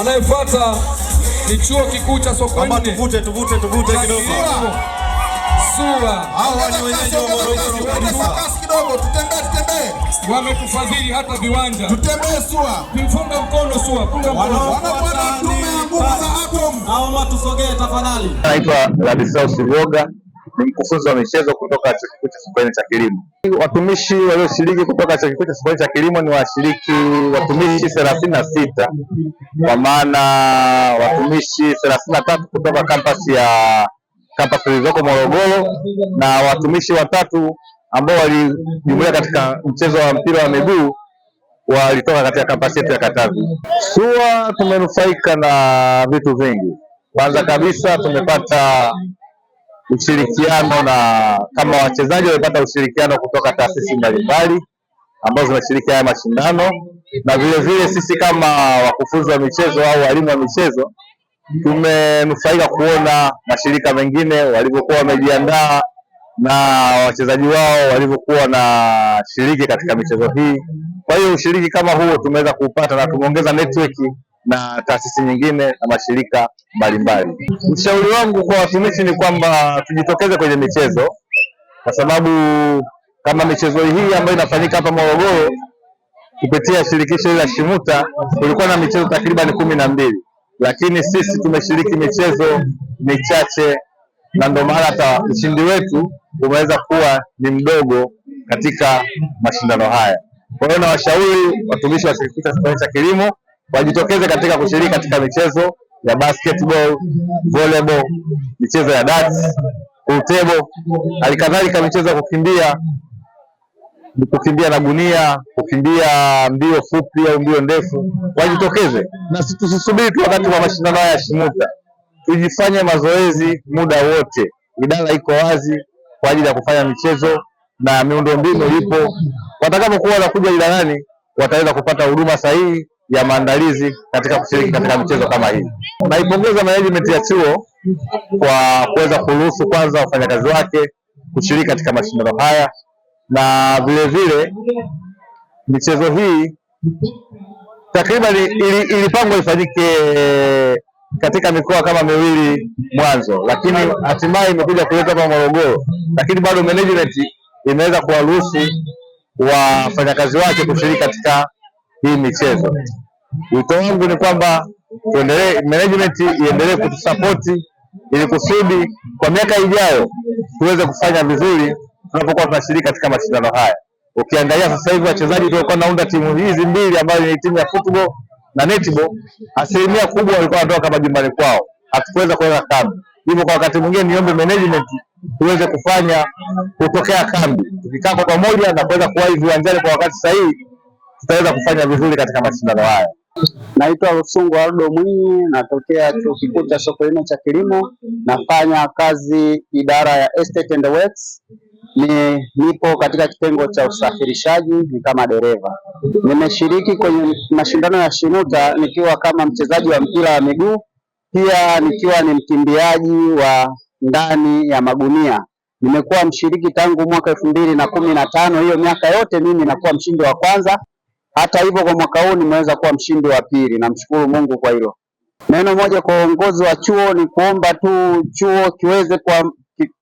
Anayefuata ni chuo kikuu cha Sokoine. Tuvute, tuvute, tuvute kidogo. Sura. Hawa ni wenyeji wa Morogoro. Kidogo tutembee, tutembee. Wametufadhili hata viwanja. Tutembee Sura. Mfunge mkono Sura. mkono. Wanapata tume ya nguvu za atom. Hawa matusogee tafadhali. Naitwa Ladislaus Sivoga ni mkufunzi wa michezo kutoka Chuo Kikuu cha Sokoine cha Kilimo. Watumishi walioshiriki kutoka Chuo Kikuu cha Sokoine cha Kilimo ni washiriki watumishi thelathini na sita kwa maana watumishi thelathini na tatu kutoka kampasi ya kampasi zilizoko Morogoro na watumishi watatu ambao walijumuika katika mchezo wa mpira wa miguu walitoka katika kampasi yetu ya Katavi. SUA tumenufaika na vitu vingi. Kwanza kabisa tumepata ushirikiano na kama wachezaji wamepata ushirikiano kutoka taasisi mbalimbali ambazo zinashiriki haya mashindano, na vilevile sisi kama wakufunzi wa michezo au walimu wa michezo tumenufaika kuona mashirika mengine walivyokuwa wamejiandaa na wachezaji wao walivyokuwa na shiriki katika michezo hii. Kwa hiyo ushiriki kama huo tumeweza kuupata na tumeongeza network na taasisi nyingine na mashirika mbalimbali. Ushauri wangu kwa watumishi ni kwamba tujitokeze kwenye michezo, kwa sababu kama michezo hii ambayo inafanyika hapa Morogoro kupitia shirikisho la Shimuta, kulikuwa na michezo takriban kumi na mbili, lakini sisi tumeshiriki michezo michache, na ndio maana hata ushindi wetu umeweza kuwa ni mdogo katika mashindano haya. Kwa hiyo nawashauri watumishi wa shirikisho la kilimo wajitokeze katika kushiriki katika michezo ya basketball, volleyball, michezo ya darts, utebo, halikadhalika michezo ya kukimbia kukimbia na gunia, kukimbia mbio fupi au mbio ndefu, wajitokeze na tusisubiri tu wakati wa mashindano haya ya SHIMUTA, tujifanye mazoezi muda wote. Idara iko wazi kwa ajili ya kufanya michezo na miundombinu ipo. Watakapokuwa wanakuja idarani, wataweza kupata huduma sahihi ya maandalizi katika kushiriki katika michezo kama hii. Naipongeza management ya chuo kwa kuweza kuruhusu kwanza wafanyakazi wake kushiriki katika mashindano haya, na vilevile michezo hii takriban ilipangwa ifanyike katika mikoa kama miwili mwanzo, lakini hatimaye imekuja kuleta kwa Morogoro, lakini bado management imeweza kuwaruhusu wafanyakazi wake kushiriki katika hii michezo. Wito wangu ni kwamba tuendelee, management iendelee kutusapoti ili kusudi kwa miaka ijayo tuweze kufanya vizuri tunapokuwa tunashiriki katika mashindano haya. Ukiangalia sasa hivi wachezaji tuliokuwa naunda timu hizi mbili ambayo ni timu ya football na netball, asilimia kubwa walikuwa wanatoka majumbani kwao, hatukuweza kuweka kambi. Hivyo kwa wakati mwingine niombe management tuweze kufanya kutokea kambi, tukikaa kwa pamoja na kuweza kuwahi viwanjani kwa wakati sahihi, tutaweza kufanya vizuri katika mashindano haya. Naitwa Rusungu Aldo Mwinyi, natokea Chuo Kikuu cha Sokoine cha Kilimo. Nafanya kazi idara ya Estate and Works. Ni nipo katika kitengo cha usafirishaji, ni kama dereva. Nimeshiriki kwenye mashindano ya Shinuta nikiwa kama mchezaji wa mpira wa miguu, pia nikiwa ni mkimbiaji wa ndani ya magunia. Nimekuwa mshiriki tangu mwaka elfu mbili na kumi na tano. Hiyo miaka yote mimi nakuwa mshindi wa kwanza. Hata hivyo kwa mwaka huu nimeweza kuwa mshindi wa pili, namshukuru Mungu kwa hilo. Neno moja kwa uongozi wa chuo ni kuomba tu chuo kiweze kwa,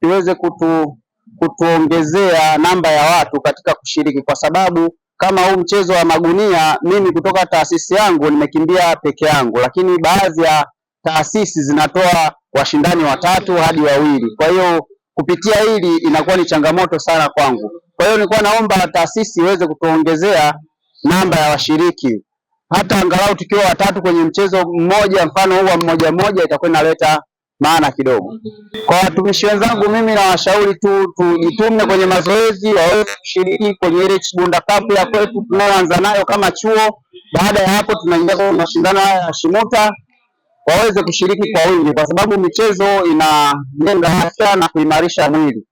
kiweze kutu, kutuongezea namba ya watu katika kushiriki, kwa sababu kama huu mchezo wa magunia, mimi kutoka taasisi yangu nimekimbia peke yangu, lakini baadhi ya taasisi zinatoa washindani watatu hadi wawili. Kwa hiyo kupitia hili inakuwa ni changamoto sana kwangu. Kwa hiyo nilikuwa naomba taasisi iweze kutuongezea namba ya washiriki, hata angalau tukiwa watatu kwenye mchezo mmoja, mfano huu mmoja mmoja, itakuwa inaleta maana kidogo. Kwa watumishi wenzangu, mimi nawashauri tu tujitume kwenye mazoezi, waweze kushiriki kwenye ile Chibunda Cup ya kwetu tunayoanza nayo kama chuo. Baada ya hapo, tunaingia kwenye mashindano haya ya Shimuta, waweze kushiriki kwa wingi, kwa sababu michezo inajenga afya na kuimarisha mwili.